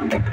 sant